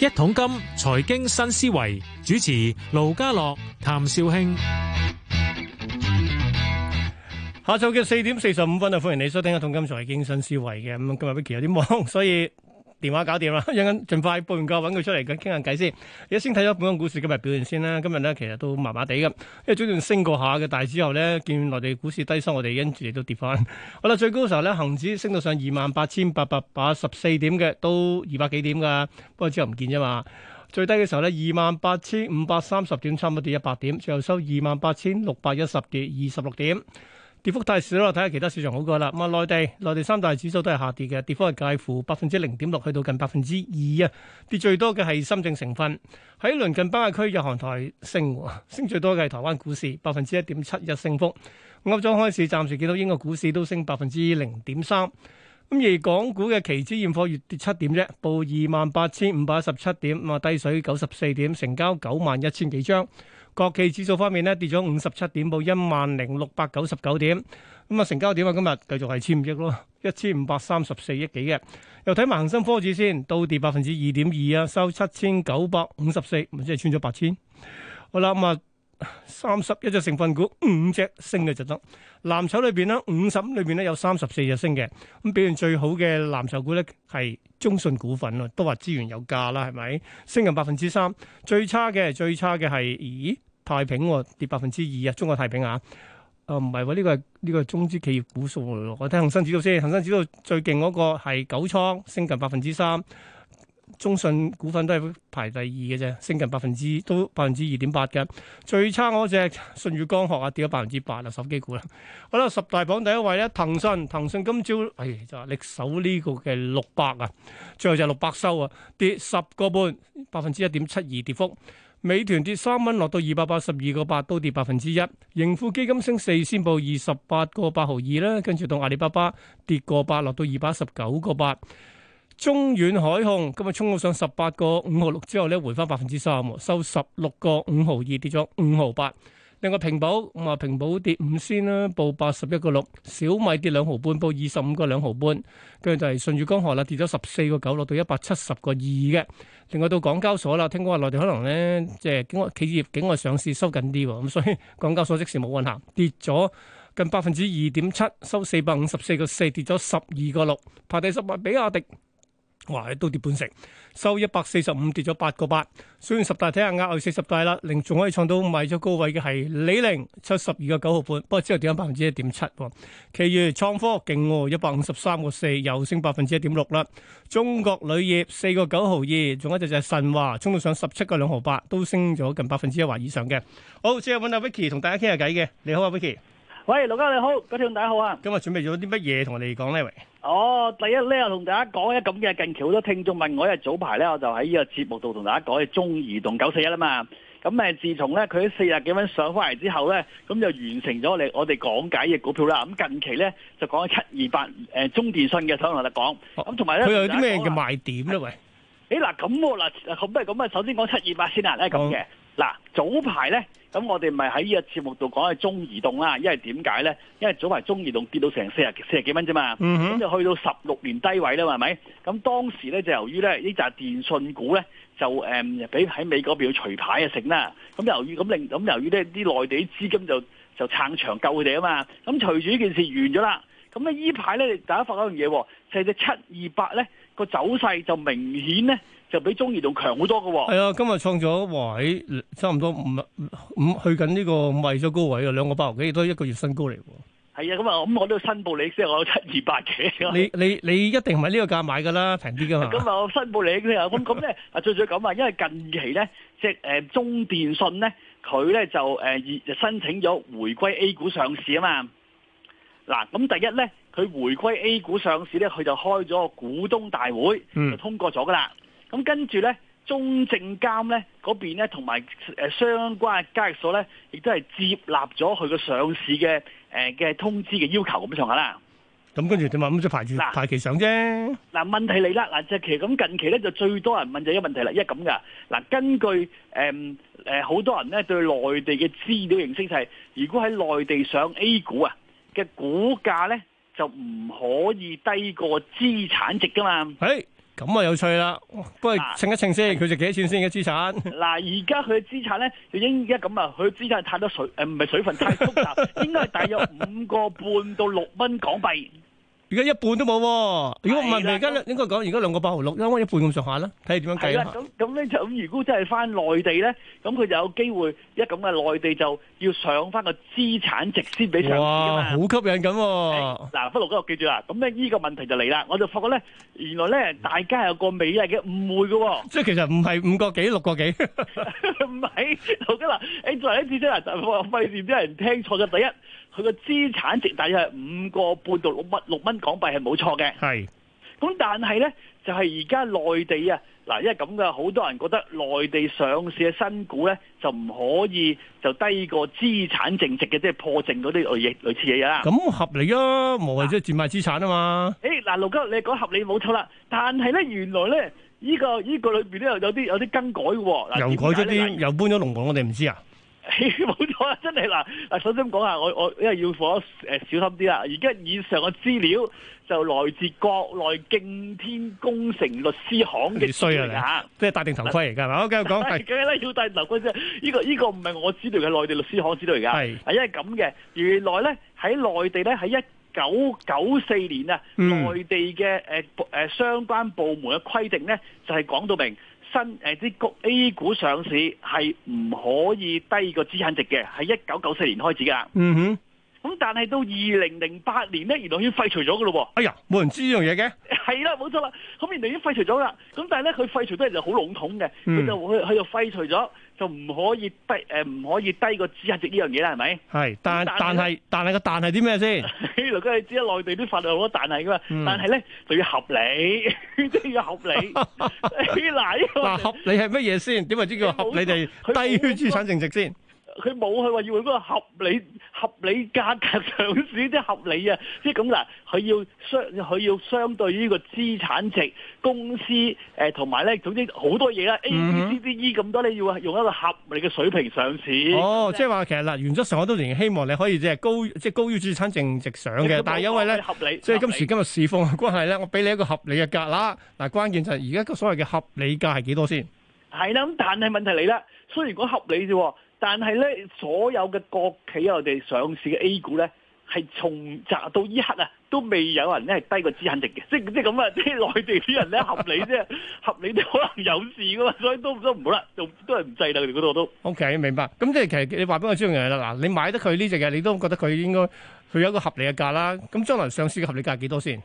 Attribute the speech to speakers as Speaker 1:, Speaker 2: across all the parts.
Speaker 1: 一桶金財經新思維，主持盧家樂譚紹興。下晝嘅四點四十五分啊，歡迎你收聽一桶金財經新思維嘅。咁今日 Vicky 有啲忙，所以。電話搞掂啦，等緊盡快報完價，揾佢出嚟嘅，傾下偈先。而家先睇咗本港股市今日表現先啦，今日咧其實都麻麻地嘅，因為早段升過下嘅，但之後咧見內地股市低收，我哋跟住亦都跌翻。好啦，最高嘅時候咧，恒指升到上二萬八千八百，八十四點嘅，都二百幾點噶，不過之後唔見啫嘛。最低嘅時候咧，二萬八千五百三十點，差唔多跌一百點，最後收二萬八千六百一十跌二十六點。跌幅太小咯，睇下其他市場好過啦。咁啊，內地內地三大指數都係下跌嘅，跌幅係介乎百分之零點六去到近百分之二啊。跌最多嘅係深證成分，喺鄰近巴北區日韓台升，升最多嘅係台灣股市百分之一點七一升幅。歐洲開市暫時見到英國股市都升百分之零點三，咁而港股嘅期指現貨月跌七點啫，報二萬八千五百一十七點，咁啊低水九十四點，成交九萬一千幾張。國企指數方面咧，跌咗五十七點，報一萬零六百九十九點。咁啊，成交點啊，今日繼續係千五億咯，一千五百三十四億幾嘅。又睇埋恒生科指先，到跌百分之二點二啊，收七千九百五十四，咪即係穿咗八千。好啦，咁啊，三十一隻成分股，五隻升嘅就得。藍籌裏邊呢，五十裏邊咧有三十四隻升嘅。咁表現最好嘅藍籌股咧係中信股份啊，都話資源有價啦，係咪？升近百分之三。最差嘅，最差嘅係咦？太平、啊、跌百分之二啊，中國太平啊，啊唔係喎，呢、啊這個係呢、這個中資企業股數嚟咯。我睇恒生指數先，恒生指數最勁嗰個係九倉，升近百分之三。中信股份都係排第二嘅啫，升近百分之都百分之二點八嘅。最差嗰隻舜宇光學啊，跌咗百分之八啊，手機股啦。好啦，十大榜第一位咧，騰訊，騰訊今朝誒就話力守呢個嘅六百啊，最後就六百收啊，跌十個半，百分之一點七二跌幅。美團跌三蚊，落到二百八十二個八，都跌百分之一。盈富基金升四仙，報二十八個八毫二啦。跟住到阿里巴巴跌個八，落到二百一十九個八。中遠海控今日衝到上十八個五毫六之後咧，回翻百分之三，收十六個五毫二，跌咗五毫八。另外平保咁啊，平保跌五仙啦，報八十一個六；小米跌兩毫半，報二十五個兩毫半。跟住就係舜宇光學啦，跌咗十四個九，落到一百七十個二嘅。另外到港交所啦，聽講話內地可能咧即係境外企業境外上市收緊啲，咁所以港交所即時冇運行，跌咗近百分之二點七，收四百五十四個四，跌咗十二個六，排第十八，比亞迪。話都跌半成，收一百四十五，跌咗八個八。雖然十大睇下壓住四十大啦，另仲可以創到賣咗高位嘅係李寧七十二個九毫半，95, 不過之後跌咗百分之一點七。其餘創科勁，一百五十三個四，4, 又升百分之一點六啦。中國鋁業四個九毫二，仲有一隻就係神華沖到上十七個兩毫八，都升咗近百分之一或以上嘅。好，最後揾阿 Vicky 同大家傾下偈嘅，你好啊 Vicky。喂，盧哥你好，各位聽眾大家好啊！今日準備咗啲乜嘢同我哋講咧？喂，
Speaker 2: 哦，第一咧，我同大家講嘅咁嘅，近期好多聽眾問我，因為早排咧我就喺呢個節目度同大家講嘅中移動九四一啊嘛，咁誒，自從咧佢四廿幾蚊上翻嚟之後咧，咁就完成咗我哋我哋講解嘅股票啦。咁近期咧就講七二八誒中電信嘅，同我哋講，咁同埋咧佢有啲咩嘅賣點咧？喂，誒，嗱咁嗱咁，不如咁啊，首先講七二八先啦，咧咁嘅。嗱，早排咧，咁我哋咪喺呢個節目度講係中移動啦，因為點解咧？因為早排中移動跌到成四十四十幾蚊啫嘛，咁就、嗯、哼去到十六年低位啦，係咪？咁當時咧就由於咧呢紮電信股咧就誒俾喺美國邊要除牌啊成啦，咁由於咁令咁由於咧啲內地資金就就撐場救佢哋啊嘛，咁隨住呢件事完咗啦，咁咧依排咧大家發覺一樣嘢，就係隻七二八咧個走勢就明顯咧。就比中移動強好多㗎喎、哦。係
Speaker 1: 啊，今日創咗位、哎、差唔多五五去緊呢、這個五位咗高位啊，兩個八毫幾都一個月新高嚟喎。
Speaker 2: 係啊，咁、嗯、啊，咁我都要申報你先，我有七二八幾。
Speaker 1: 你 你你一定唔係呢個價買㗎啦，平啲㗎嘛。咁啊、嗯，
Speaker 2: 我申報你咁咁咧啊，最最咁啊，因為近期咧，即係中電信咧，佢咧就申請咗回歸 A 股上市啊嘛。嗱，咁第一咧，佢回歸 A 股上市咧，佢就開咗股東大會，就通過咗㗎啦。咁跟住咧，中證監咧嗰邊咧，同埋、呃、相關嘅交易所咧，亦都係接納咗佢嘅上市嘅嘅、呃、通知嘅要求咁上下啦。
Speaker 1: 咁、嗯、跟住點啊？咁即排住排期上啫。
Speaker 2: 嗱、啊、問題嚟啦，嗱即係其實咁近期咧就最多人問就一個問題啦，一係咁㗎。嗱、啊、根據誒好、呃、多人咧對內地嘅資料認識就係，如果喺內地上 A 股啊嘅股價咧就唔可以低過資產值㗎嘛。係。
Speaker 1: 咁啊有趣啦，不過稱一稱、啊、先，佢值幾多錢先嘅資產。嗱，而家佢嘅資產咧，就應而家咁啊，佢嘅資產太多水，呃、唔係水分太複雜， 應該係大約五個半到
Speaker 2: 六蚊港幣。
Speaker 1: 而家一半都冇，如果唔係而家應該講而家兩個八毫六，應該一半咁上下啦，睇下點樣計啦。係啦，
Speaker 2: 咁咁咧就咁。如果真係翻內地咧，咁佢就有機會一咁嘅內地就要上翻個資產值先俾上市啊嘛。好
Speaker 1: 吸引咁。
Speaker 2: 嗱，不老哥，記住啦，咁咧依個問題就嚟啦，我就發覺咧，原來咧大家有個美麗嘅誤會嘅。即係
Speaker 1: 其實唔係五個幾六個幾，
Speaker 2: 唔係老哥啦。誒，再一次即係我費事啲人聽錯嘅第一。佢個資產值大約係五個半到六蚊，六蚊港幣係冇錯嘅。係是，咁但係咧，就係而家內地啊，嗱，因為咁嘅，好多人覺得內地上市嘅新股咧就唔可以就低過資產淨值嘅，即、就、係、是、破淨嗰啲類似嘢啦。咁
Speaker 1: 合理啊，無謂即係賤賣資產啊嘛。
Speaker 2: 誒嗱、哎，六哥，你講合理冇錯啦，但係咧原來咧呢、這個呢、這個裏邊都有啲有啲更改喎、啊。又改咗啲，如
Speaker 1: 又搬咗龍門，我哋唔知啊。
Speaker 2: 冇錯啦，真係嗱嗱，首先講下我我，因為要火誒小心啲啦。而家以上嘅資料就來自國內敬天工程律師行嘅衰啊，吓，即、就、係、是、戴定頭盔嚟噶，係嘛、 OK？我繼續講，係梗係啦，要戴頭盔先。呢、這個呢、這個唔係我資料嘅內地律師行資料噶，係係是因為咁嘅。原來咧喺內地咧喺一九九四年、嗯、內啊，內地嘅誒誒相關部門嘅規定咧就係講到明。新誒啲股 A 股上市係唔可以低過資產值嘅，係一九九四年開始噶。嗯哼，咁但係到二零零八年咧，原來已經廢除咗嘅咯喎。哎呀，冇人知呢樣嘢嘅。係啦，冇錯啦，咁原來已經廢除咗啦。咁但係咧，佢廢除得嚟就好籠統嘅，佢就佢佢就廢除咗。就唔可以低，誒唔可以低過資產值呢樣嘢啦，係咪？
Speaker 1: 係，但但係是但係是個但係啲咩先？你 如果
Speaker 2: 你知啦，內地啲法律好多彈、嗯、但係㗎嘛，但係咧就要合理，都
Speaker 1: 要合理。嗱，呢個嗱合理係乜嘢先？點為之叫合理？哋低於資產淨值
Speaker 2: 先。佢冇佢話要嗰個合理合理價格上市，即係合理啊！即係咁嗱，佢要相佢要相對於個資產值公司誒，同埋咧，總之好多嘢啦，A B C D E 咁多咧，你要用一個合理嘅水平上市。哦，
Speaker 1: 即係話其實嗱，原則上我都仍然希望你可以即係高，即係高於資產淨值上嘅，但係因為咧，即係今時今日市況嘅關係咧，我俾你一個合理嘅價啦。嗱，關鍵就係而家個所謂嘅合理價係幾多先？
Speaker 2: 係啦，咁但係問題嚟啦，雖然講合理啫喎。但係咧，所有嘅國企我哋上市嘅 A 股咧，係從宅到依刻啊，都未有人咧低過資產值嘅，即即咁啊！即係內地啲人咧合理啫， 合理都可能有事噶嘛，所以都都唔好啦，都係唔制啦，佢哋嗰度都。
Speaker 1: OK，明白。咁即係其實你話俾我知嘅嘢啦，嗱，你買得佢呢隻嘢，你都覺得佢應該佢有一個合理嘅價啦。咁將來上市嘅合理價幾多先？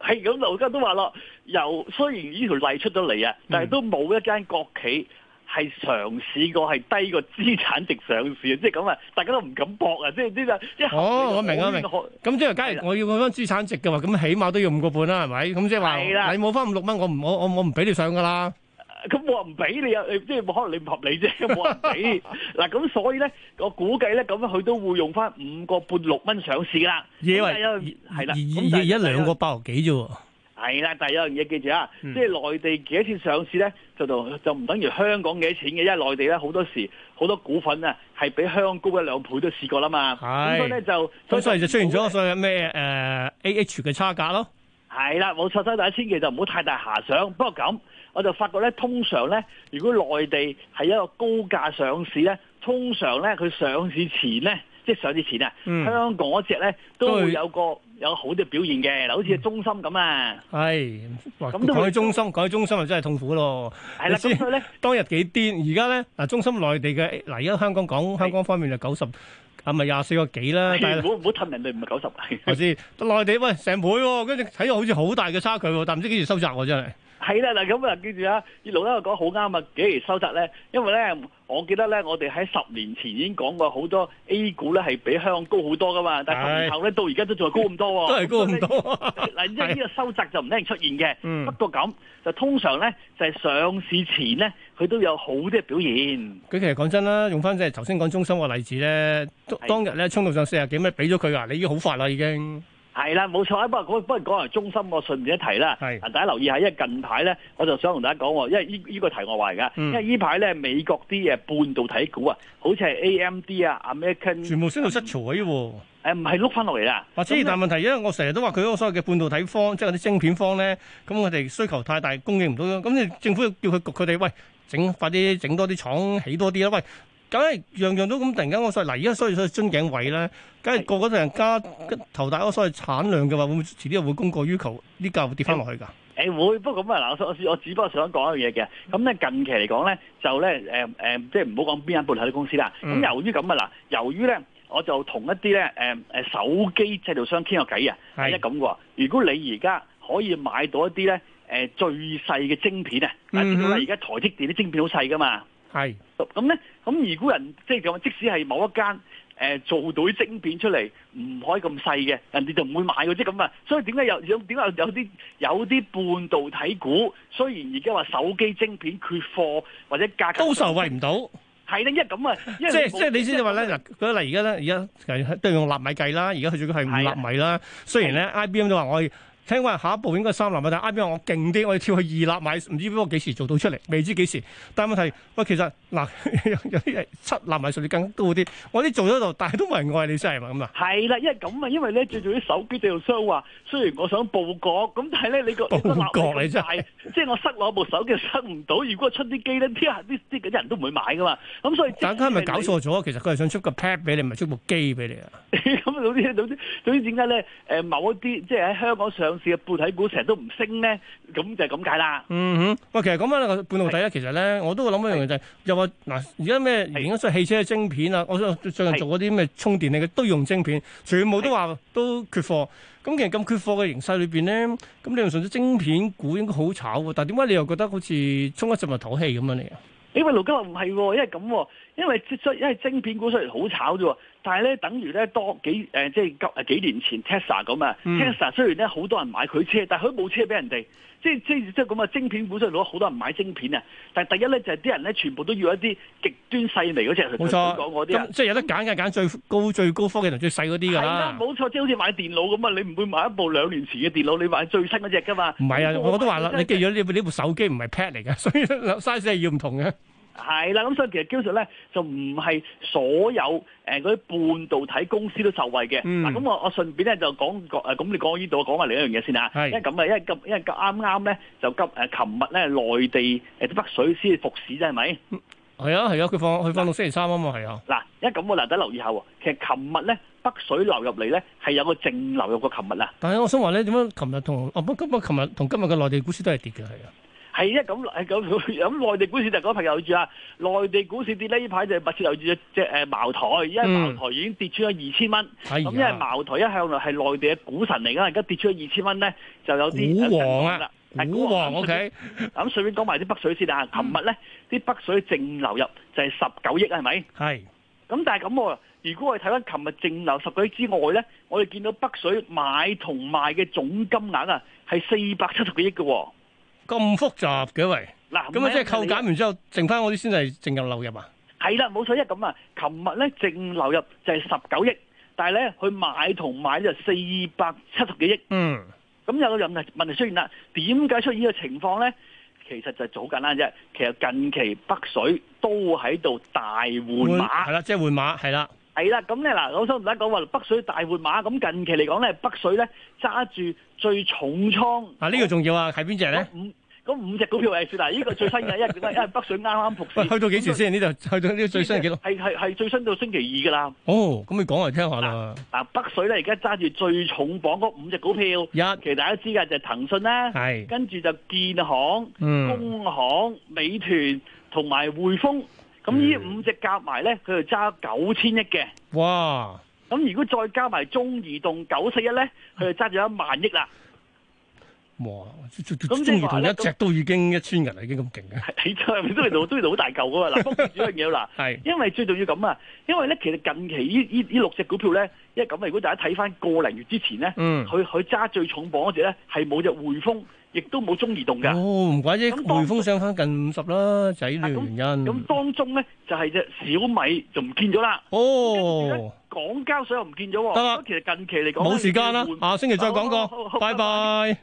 Speaker 2: 係咁，劉家都話咯，由雖然呢條例出咗嚟啊，但係都冇一間國企。嗯係嘗試過係低過資產值上市啊！即係咁啊，大家都唔敢搏啊！即係呢個即係
Speaker 1: 好，我明啊明。咁即係假如我要攞翻資產值嘅話，咁起碼都要五個半啦，係咪？咁即係話你冇翻五六蚊，我唔我我我唔俾你上噶啦。咁我唔俾你啊！即係可能你唔合理啫。咁
Speaker 2: 我唔俾嗱，咁所以咧，我估計咧咁樣佢都會用翻五個半六蚊上市啦。
Speaker 1: 嘢喎，係啦，而而家兩個八毫幾啫喎。
Speaker 2: 係啦，第一有樣嘢記住啊，嗯、即係內地幾多次上市咧，就就就唔等於香港幾多錢嘅，因為內地咧好多時好多股份啊，係比香港高一兩倍都試過啦嘛。咁的所以咧就，所以就出現咗
Speaker 1: 所有咩誒 A H 嘅差價咯。
Speaker 2: 係啦，冇錯所以大家千祈就唔好太大遐想。不過咁，我就發覺咧，通常咧，如果內地係一個高價上市咧，通常咧佢上市前咧，即係上市前啊，嗯、香港嗰隻咧都會有個。有好啲表
Speaker 1: 現嘅，嗱好似中電信咁啊，係咁改中電信，改中電信又真係痛苦咯。係啦，所以咧當日幾癲，而家咧嗱中電信內地嘅，嗱而家香港講香港方面就九十係咪廿四個幾啦。唔好唔好氹人
Speaker 2: 哋唔係
Speaker 1: 九十。我知內地喂成倍喎，跟住睇落好似好大嘅差距喎，但唔知幾時收窄喎真係。
Speaker 2: 係啦，嗱咁啊，記住啊，啲老生講好啱啊，幾時收窄咧？因為咧，我記得咧，我哋喺十年前已經講過好多 A 股咧，係比香港高好多噶嘛。但係十年後咧，到而家都仲係高咁多， 都係高咁多。嗱，即係呢 個收窄就唔一定出現嘅。 嗯、不過咁就通常咧，就係、是、上市前咧，佢都有好啲嘅表現。
Speaker 1: 佢其實講真啦，用翻即係頭先講中芯個例子咧， 當日咧 衝到上四十幾蚊，俾咗佢啊。你已經好快啦，已經。
Speaker 2: 係啦，冇錯啊！不過，不過過講嚟中心我順便一提啦。係是大家留意下，因為近排咧，我就想同大家講喎，因為呢依個題外話嚟噶，因為呢排咧美國啲嘢半導體股啊，好似係 AMD 啊、American，全部
Speaker 1: 升到失潮喎。唔係碌翻落嚟啦。啊，所但問題，因為我成日都話佢嗰所謂嘅半導體方，即係啲晶片方咧，咁我哋需求太大，供應唔到咯。咁政府叫佢焗佢哋，喂，整快啲整多啲廠起多啲啦，喂。梗係樣樣都咁突然間我所以嗱而家所謂所謂樽頸位咧，梗係個個都人家頭大，我所謂產量嘅話，會唔會遲啲又會供過於求？呢價跌翻落去㗎？誒、嗯欸、
Speaker 2: 會，不過咁啊嗱，我我只不過想講一樣嘢嘅。咁咧近期嚟講咧，就咧誒誒，即係唔好講邊一間半導體公司啦。咁、嗯、由於咁啊嗱，由於咧，我就同一啲咧誒誒手機製造商傾個偈啊，係即係咁喎。如果你而家可以買到一啲咧誒最細嘅晶片啊，
Speaker 1: 因為而家
Speaker 2: 台積電啲晶片好細㗎嘛。係，咁咧，咁如果人即係咁，即使係某一間誒做到啲晶片出嚟，唔可以咁細嘅，人哋就唔會買嗰啲咁啊。所以點解有有點解有啲有啲半導體股，雖然而家話手機晶片缺貨或者價格都受惠唔到，係咧，因為咁啊，
Speaker 1: 即係即係你先至話咧嗱，舉例而家咧，而家都係用納米計啦，而家佢仲係五納米啦。雖然咧，IBM 都話我。聽講，下一步應該三納米，但係 IPO 我勁啲，我哋跳去二納米，唔知邊個幾時做到出嚟？未知幾時。但係問題，喂，其實嗱，有有啲係七納米，甚至更高啲。我啲做咗度，但係都冇人愛你先係嘛咁啊？
Speaker 2: 係啦，因為咁啊，因為咧最早啲手機零售商話，雖然我想佈局，咁但係咧你個佈局你真係，即係我塞我部手機塞唔到，如果出啲機咧，啲客啲啲人都唔會買噶嘛。咁所以大家係咪搞錯
Speaker 1: 咗？其實佢係想出個 pad 俾你，唔係出部機俾你啊？
Speaker 2: 咁總之總之總之點解咧？誒，某一啲即係喺香港上。半體股成日都唔升咧，咁就係咁解啦。
Speaker 1: 嗯哼，喂，其實講翻半導體咧，是其實咧我都會諗一樣嘢就係、是，是又話嗱，而家咩形勢？的汽車嘅晶片啊，是我想最近做嗰啲咩充電器嘅都用晶片，全部都話都缺貨。咁是其實咁缺貨嘅形勢裏邊咧，咁你用上啲晶片股應該好炒喎。但係點解你又覺得好似衝一陣咪唞氣咁啊？你
Speaker 2: 因為盧家話唔係喎，因為咁、哦，因為出因為晶片股雖然好炒啫。但係咧，等於咧多幾、呃、即係幾年前 Tesla 咁啊。Tesla、嗯、雖然咧好多人買佢車，但係佢冇車俾人哋，即係即係即係咁啊！晶片股出嚟攞好多人買晶片啊，但係第一咧就係、是、啲人咧全部都要一啲極端細微嗰隻。冇啲錯，即係
Speaker 1: 有得揀嘅，揀最高最高科技同最細嗰啲㗎啦。冇
Speaker 2: 錯，即係好似買電腦咁啊，你唔會買一部兩年前嘅電腦，你買最新嗰隻㗎嘛？唔係啊，我，我都話啦，的你記
Speaker 1: 住你部手機唔係 pad 嚟嘅，所以 size 係要唔同嘅。係啦，咁所以其實基本上咧，就唔
Speaker 2: 係所有誒嗰啲半導體公司都受惠嘅。嗱，咁我我順便咧就講講誒，咁你講完呢度，我講下另一樣嘢先啊。因為咁啊，因為今因為啱啱咧就今誒，琴日咧內地誒北水先復市啫，係咪？
Speaker 1: 係啊，係啊，佢放佢放落星期三啊嘛，係啊。
Speaker 2: 嗱，因為咁我嗱，等留意下喎。其實琴日咧北水流入嚟咧係有個淨流入過琴日啊。
Speaker 1: 但係我想話咧，點解琴日同哦不今不琴日同今日嘅內地股市都係跌嘅，係啊。
Speaker 2: 係啊，咁，咁咁內地股市就各位朋友留意住啊！內地股市跌呢依排就密切留意隻誒茅台，因為茅台已經跌出咗二千蚊。咁、嗯、因為茅台一向來係內地嘅股神嚟噶，而家跌出咗二千蚊咧，就有啲股王啊！股王，O K。咁順便講埋啲北水先啦。啊，琴日咧啲北水淨流入就係十九億，係咪？係是。咁但係咁喎，如果我哋睇翻琴日淨流十九億之外咧，我哋見到北水買同賣嘅總金額啊，係四百七十幾億嘅喎。
Speaker 1: 咁複雜嘅喂，嗱咁啊，即係扣減完之後，剩翻我啲先係淨流入啊，
Speaker 2: 係啦，冇錯，一咁啊，琴日咧淨流入就係十九億，但係咧佢買同賣就四百七十幾億，嗯，咁有個問題出現啦，點解出現呢個情況咧？其實就早緊啦啫，其實近期北水都喺度大換馬，係啦，
Speaker 1: 即係、就是、換馬，係啦。
Speaker 2: 係啦，咁咧嗱，我首唔得講話北水大換馬。咁近期嚟講咧，北水咧揸住最重倉。
Speaker 1: 嗱、啊，呢、這個重要啊，係邊隻咧？啊、
Speaker 2: 五，五隻股票就算啦，呢、這個最新嘅，一係一北水啱啱復
Speaker 1: 市。去到幾時先？呢度到、這個，去到呢個最新幾多？係
Speaker 2: 係係最新到星期二噶啦。
Speaker 1: 哦，咁你講嚟聽下啦。
Speaker 2: 嗱、啊啊，北水咧而家揸住最重榜嗰五隻股票，一，其實大家知噶就係騰訊啦，係是，跟住就建行、工、嗯、行、美團同埋匯豐。咁呢五隻夾埋咧，佢就揸九千億嘅。
Speaker 1: 哇！
Speaker 2: 咁如果再加埋中移動九四一咧，佢就揸咗一萬億啦。
Speaker 1: 哇！咁中移動一隻都已經那一千億，已經咁勁嘅。係，中移都係都係好大嚿噶嘛。嗱，不過主要嘅嘢啦。
Speaker 2: 因為最重要咁啊，因為咧其實近期呢呢六隻股票咧，因為咁啊，如果大家睇翻個零月之前咧，嗯，佢佢揸最重磅嗰隻咧係冇隻匯豐。亦都冇中移動㗎。哦，
Speaker 1: 唔怪啫，匯豐時上翻近五十啦，就係呢個原因。咁、啊、當中咧就係、是、隻小米
Speaker 2: 就唔見咗啦。哦，港交所又唔見咗。得啦了，其實近期嚟講冇時間啦，下、啊、星期再講過，拜拜。